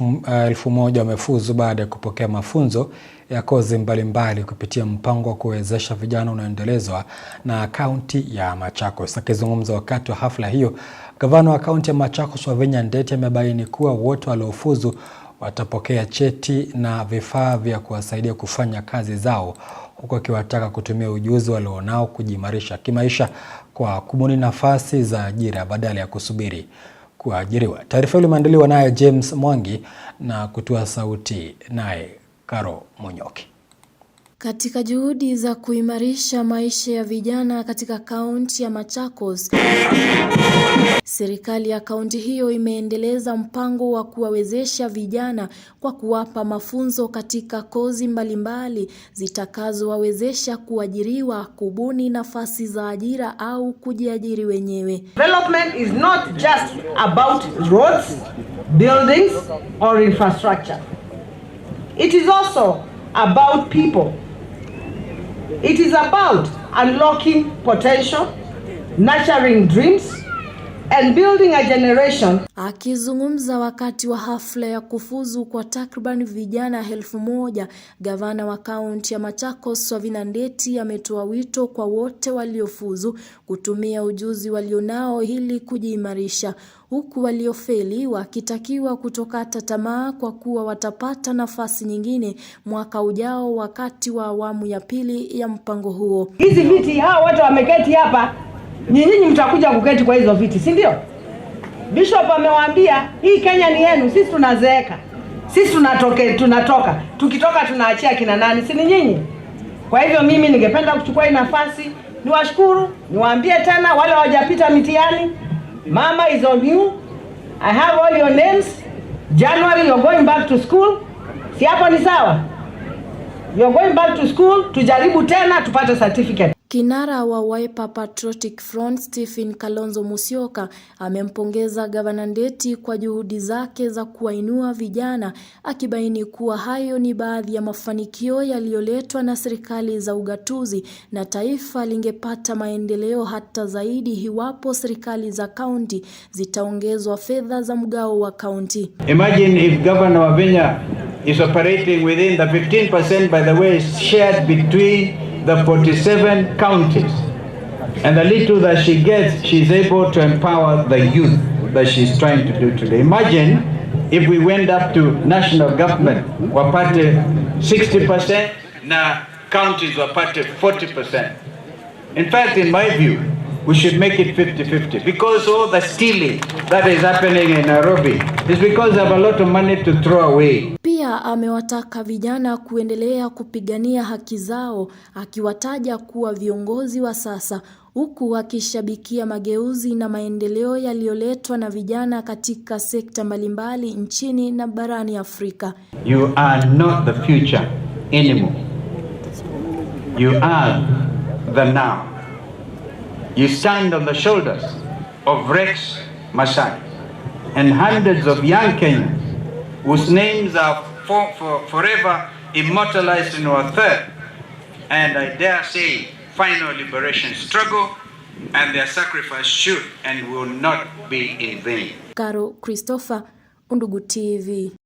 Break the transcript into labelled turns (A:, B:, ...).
A: Eh, elfu moja wamefuzu baada ya kupokea mafunzo ya kozi mbalimbali kupitia mpango wa kuwezesha vijana unaoendelezwa na kaunti ya Machakos. Akizungumza wakati wa hafla hiyo, gavana wa kaunti ya Machakos Wavinya Ndeti amebaini kuwa wote waliofuzu watapokea cheti na vifaa vya kuwasaidia kufanya kazi zao huku akiwataka kutumia ujuzi walionao kujiimarisha kimaisha kwa kubuni nafasi za ajira badala ya kusubiri kuajiriwa. Taarifa hiyo imeandaliwa naye James Mwangi na kutoa sauti naye Karo Munyoki.
B: Katika juhudi za kuimarisha maisha ya vijana katika kaunti ya Machakos, serikali ya kaunti hiyo imeendeleza mpango wa kuwawezesha vijana kwa kuwapa mafunzo katika kozi mbalimbali zitakazowawezesha kuajiriwa, kubuni nafasi za ajira au kujiajiri wenyewe.
C: Development is not just about roads, buildings, or infrastructure. It is also about people. It is about unlocking potential, nurturing dreams, and building a generation.
B: Akizungumza wakati wa hafla ya kufuzu kwa takriban vijana elfu moja, gavana wa kaunti ya Machakos wavinandeti Ndeti ametoa wito kwa wote waliofuzu kutumia ujuzi walionao ili kujiimarisha, huku waliofeli wakitakiwa kutokata tamaa kwa kuwa watapata nafasi nyingine mwaka ujao wakati wa awamu ya pili ya mpango huo.
D: Hizi viti hawa watu wameketi hapa ni nyinyi mtakuja kuketi kwa hizo viti, si ndio? Bishop amewaambia hii Kenya ni yenu, sisi tunazeeka, sisi tunatoke, tunatoka tukitoka tunaachia kina nani? Si ni nyinyi? Kwa hivyo mimi ningependa kuchukua hii nafasi niwashukuru, niwaambie tena wale hawajapita mitihani, mama is on you, I have all your names. January you're going back to school, si hapo ni sawa? You're going back to school, tujaribu tena tupate certificate.
B: Kinara wa Wiper Patriotic Front Stephen Kalonzo Musyoka amempongeza Gavana Ndeti kwa juhudi zake za kuwainua vijana, akibaini kuwa hayo ni baadhi ya mafanikio yaliyoletwa na serikali za ugatuzi na taifa lingepata maendeleo hata zaidi iwapo serikali za kaunti zitaongezwa fedha za mgao wa kaunti.
E: Imagine if Governor Wavinya is operating within the 15% by the way shared between the 47 counties. And the little that she gets, she's able to empower the youth that she's trying to do today. Imagine if we went up to national government, wapate 60% na counties wapate 40%. In fact, in my view, we should make it 50-50 because all the stealing that is happening in Nairobi is because they have a lot of money to throw away
B: amewataka vijana kuendelea kupigania haki zao akiwataja kuwa viongozi wa sasa huku akishabikia mageuzi na maendeleo yaliyoletwa na vijana katika sekta mbalimbali nchini na barani Afrika.
F: You are not the future anymore. You are the now. You stand on the shoulders of Rex Masai and hundreds of young Kenyans whose names are for, for forever immortalized in our third and I dare say final liberation struggle and their sacrifice should and will not be in vain.
B: Caro Christopher, Undugu TV.